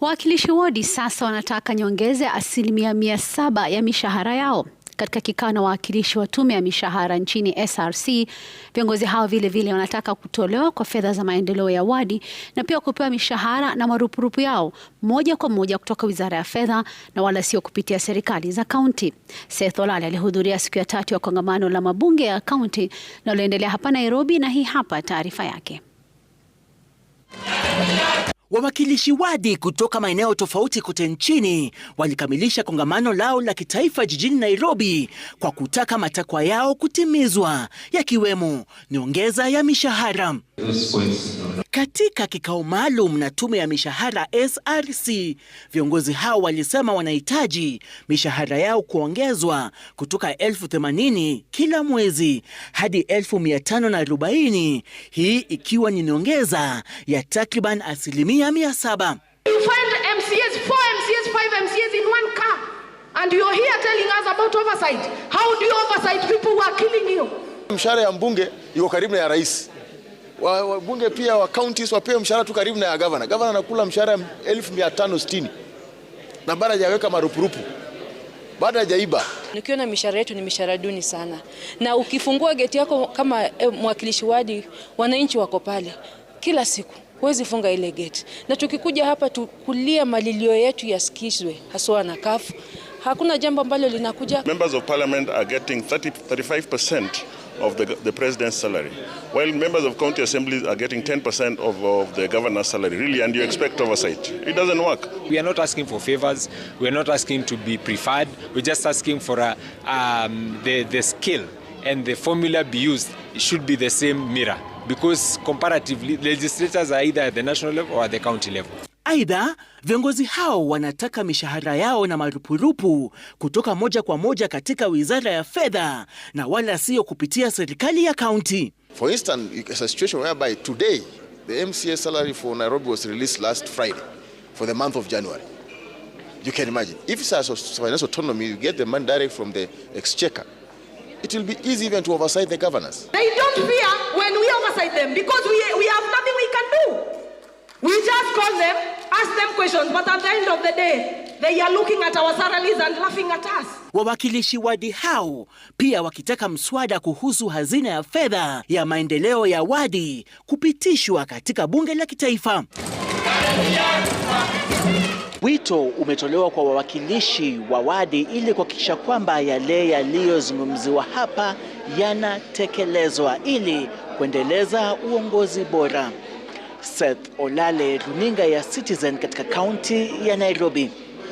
Wawakilishi wodi sasa wanataka nyongeza ya asilimia mia saba ya mishahara yao. Katika kikao na wawakilishi wa tume ya mishahara nchini SRC, viongozi hao vile vile wanataka kutolewa kwa fedha za maendeleo ya wadi na pia kupewa mishahara na marupurupu yao moja kwa moja kutoka Wizara ya Fedha na wala sio kupitia serikali za kaunti. Seth Olale alihudhuria siku ya tatu ya kongamano la mabunge ya kaunti linaloendelea hapa Nairobi, na hii hapa taarifa yake. Wawakilishi wadi kutoka maeneo tofauti kote nchini walikamilisha kongamano lao la kitaifa jijini Nairobi kwa kutaka matakwa yao kutimizwa yakiwemo nyongeza ya mishahara. Katika kikao maalum na tume ya mishahara SRC, viongozi hao walisema wanahitaji mishahara yao kuongezwa kutoka elfu themanini kila mwezi hadi elfu mia tano na arobaini hii ikiwa ni nyongeza ya takriban asilimia mia saba. Mshahara ya mbunge iko karibu na ya rais wabunge wa pia wa counties wapewe mshahara tu karibu na ya gavana. Gavana anakula mshahara 1560 na bado hajaweka marupurupu, bado hajaiba. Nikiona mishahara yetu ni mishahara duni sana, na ukifungua geti yako kama eh, mwakilishi wadi, wananchi wako pale kila siku huwezi funga ile geti, na tukikuja hapa tukulia malilio yetu yasikizwe, haswa na kafu. Hakuna jambo ambalo linakuja. Members of parliament are getting 30, 35% of the, the president's salary, while members of county assemblies are getting 10% of, of the governor's salary, really, and you expect oversight. It doesn't work. We are not asking for favors. We are not asking to be preferred. We're just asking for a, um, the, the skill and the formula be used it should be the same mirror because comparatively legislators are either at the national level or at the county level. Aidha, viongozi hao wanataka mishahara yao na marupurupu kutoka moja kwa moja katika Wizara ya Fedha na wala siyo kupitia serikali ya kaunti. For instance, a situation whereby today the MCA salary for Nairobi was released last Friday for the month of January. You can imagine. If it's a financial autonomy, you get the money direct from the exchequer. It will be easy even to oversight the governors. They don't fear when we oversight them because we, we have nothing we can do. We just call them ask them questions, but at the end of the day, they are looking at our salaries and laughing at us. Wawakilishi wadi hao pia wakitaka mswada kuhusu hazina ya fedha ya maendeleo ya wadi kupitishwa katika bunge la kitaifa. Wito umetolewa kwa wawakilishi wa wadi ili kuhakikisha kwamba yale yaliyozungumziwa hapa yanatekelezwa ili kuendeleza uongozi bora. Seth Olale, runinga ya Citizen katika kaunti ya Nairobi.